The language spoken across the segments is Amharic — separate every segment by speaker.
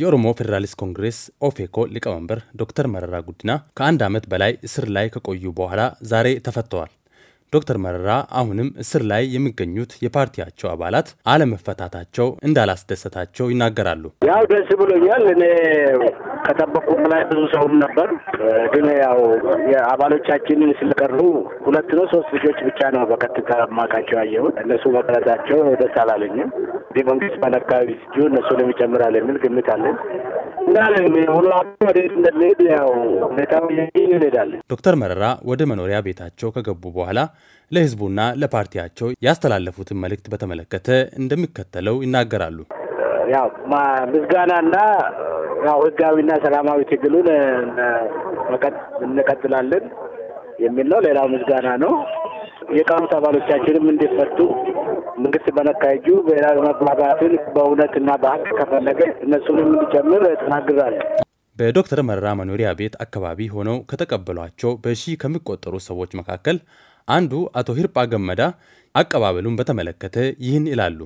Speaker 1: የኦሮሞ ፌዴራሊስት ኮንግሬስ ኦፌኮ ሊቀመንበር ዶክተር መረራ ጉዲና ከአንድ ዓመት በላይ እስር ላይ ከቆዩ በኋላ ዛሬ ተፈተዋል። ዶክተር መረራ አሁንም እስር ላይ የሚገኙት የፓርቲያቸው አባላት አለመፈታታቸው እንዳላስደሰታቸው ይናገራሉ።
Speaker 2: ያው ደስ ብሎኛል። እኔ ከጠበቁት ላይ ብዙ ሰውም ነበር፣ ግን ያው የአባሎቻችንን ስለቀሩ ሁለት ነው ሶስት ልጆች ብቻ ነው በቀጥታ አማካቸው ያየሁት። እነሱ መቅረታቸው ደስ አላለኝም። ቢመንግስት መንግስት መለካዊ እነሱንም ይጨምራል የሚል ግምት አለን።
Speaker 1: ዶክተር መረራ ወደ መኖሪያ ቤታቸው ከገቡ በኋላ ለህዝቡና ለፓርቲያቸው ያስተላለፉትን መልእክት በተመለከተ እንደሚከተለው ይናገራሉ።
Speaker 2: ያው ምስጋናና ያው ህጋዊና ሰላማዊ ትግሉን እንቀጥላለን የሚል ነው። ሌላው ምስጋና ነው። የቀሩት አባሎቻችንም እንዲፈቱ መንግስት በነካ ብሔራዊ መግባባትን በእውነትና በሀቅ ከፈለገ እነሱንም እንዲጨምር ተናግራለን።
Speaker 1: በዶክተር መረራ መኖሪያ ቤት አካባቢ ሆነው ከተቀበሏቸው በሺ ከሚቆጠሩ ሰዎች መካከል አንዱ አቶ ሂርጳ ገመዳ አቀባበሉን በተመለከተ ይህን ይላሉ።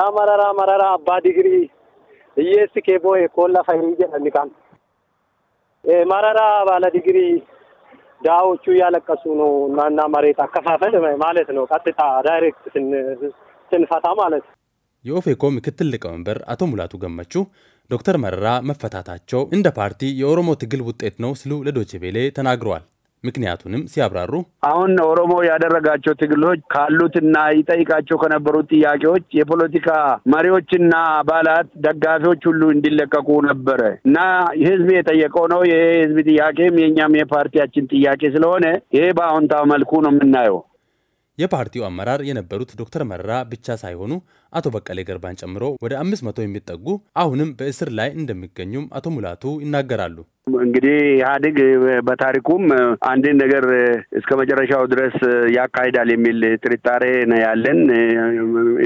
Speaker 2: ያ መረራ መረራ አባ ዲግሪ እየስ ኬቦ የኮላ ፈኒ ጀሚቃን መረራ ባለ ዲግሪ ዳዎቹ እያለቀሱ ነው። እና መሬት አከፋፈል ማለት ነው። ቀጥታ ዳይሬክት ስንፈታ ማለት ነው።
Speaker 1: የኦፌኮ ምክትል ሊቀመንበር አቶ ሙላቱ ገመቹ ዶክተር መረራ መፈታታቸው እንደ ፓርቲ የኦሮሞ ትግል ውጤት ነው ሲሉ ለዶቼ ቬሌ ተናግረዋል። ምክንያቱንም ሲያብራሩ
Speaker 3: አሁን ኦሮሞ ያደረጋቸው ትግሎች ካሉትና ይጠይቃቸው ከነበሩት ጥያቄዎች የፖለቲካ መሪዎችና አባላት ደጋፊዎች ሁሉ እንዲለቀቁ ነበረ እና ህዝብ የጠየቀው ነው። ይሄ ህዝብ ጥያቄም የእኛም የፓርቲያችን ጥያቄ ስለሆነ ይሄ በአዎንታዊ መልኩ ነው የምናየው።
Speaker 1: የፓርቲው አመራር የነበሩት ዶክተር መረራ ብቻ ሳይሆኑ አቶ በቀሌ ገርባን ጨምሮ ወደ አምስት መቶ የሚጠጉ አሁንም በእስር ላይ እንደሚገኙም አቶ ሙላቱ ይናገራሉ።
Speaker 3: እንግዲህ ኢህአዴግ በታሪኩም አንድን ነገር እስከ መጨረሻው ድረስ ያካሂዳል የሚል ጥርጣሬ ነው ያለን፣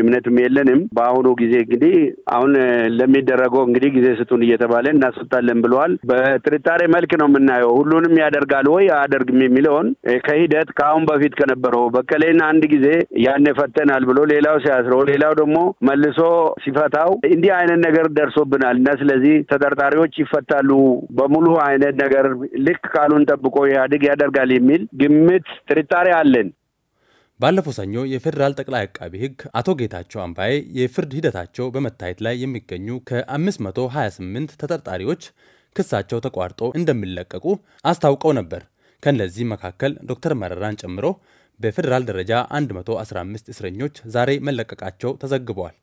Speaker 3: እምነትም የለንም። በአሁኑ ጊዜ እንግዲህ አሁን ለሚደረገው እንግዲህ ጊዜ ስጡን እየተባለ እናስወጣለን ብለዋል። በጥርጣሬ መልክ ነው የምናየው። ሁሉንም ያደርጋል ወይ አያደርግም የሚለውን ከሂደት ከአሁን በፊት ከነበረው በቀሌን አንድ ጊዜ ያን ፈተናል ብሎ ሌላው ሲያስረው፣ ሌላው ደግሞ መልሶ ሲፈታው እንዲህ አይነት ነገር ደርሶብናል እና ስለዚህ ተጠርጣሪዎች ይፈታሉ በሙሉ አይነት ነገር ልክ ቃሉን ጠብቆ ኢህአዴግ ያደርጋል የሚል ግምት፣
Speaker 1: ጥርጣሬ አለን። ባለፈው ሰኞ የፌዴራል ጠቅላይ አቃቢ ህግ አቶ ጌታቸው አምባዬ የፍርድ ሂደታቸው በመታየት ላይ የሚገኙ ከ528 ተጠርጣሪዎች ክሳቸው ተቋርጦ እንደሚለቀቁ አስታውቀው ነበር። ከእነዚህ መካከል ዶክተር መረራን ጨምሮ በፌዴራል ደረጃ 115 እስረኞች ዛሬ መለቀቃቸው ተዘግበዋል።